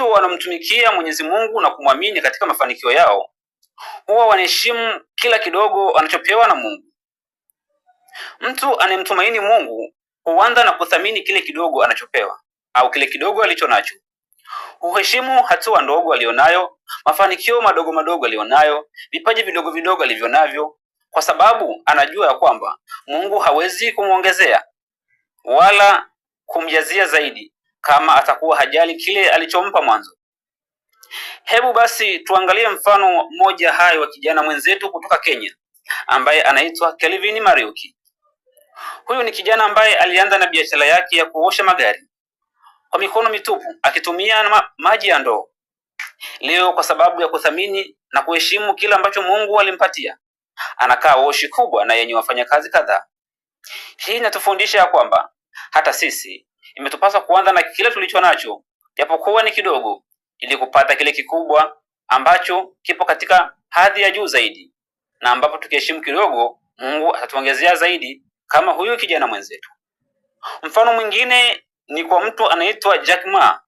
watu wanamtumikia Mwenyezi Mungu na kumwamini katika mafanikio yao huwa wanaheshimu kila kidogo anachopewa na Mungu. Mtu anayemtumaini Mungu huanza na kuthamini kile kidogo anachopewa au kile kidogo alicho nacho. Huheshimu hatua ndogo aliyonayo, mafanikio madogo madogo alionayo, vipaji vidogo vidogo alivyo navyo, kwa sababu anajua ya kwamba Mungu hawezi kumwongezea wala kumjazia zaidi kama atakuwa hajali kile alichompa mwanzo. Hebu basi tuangalie mfano mmoja hai wa kijana mwenzetu kutoka Kenya ambaye anaitwa Kelvin Mariuki. Huyu ni kijana ambaye alianza na biashara yake ya kuosha magari kwa mikono mitupu akitumia ma maji ya ndoo. Leo kwa sababu ya kuthamini na kuheshimu kile ambacho Mungu alimpatia, anakaa woshi kubwa na yenye wafanyakazi kadhaa. Hii inatufundisha ya kwamba hata sisi imetupasa kuanza na kile tulicho nacho, japokuwa ni kidogo, ili kupata kile kikubwa ambacho kipo katika hadhi ya juu zaidi, na ambapo tukiheshimu kidogo, Mungu atatuongezea zaidi, kama huyu kijana mwenzetu. Mfano mwingine ni kwa mtu anaitwa Jack Ma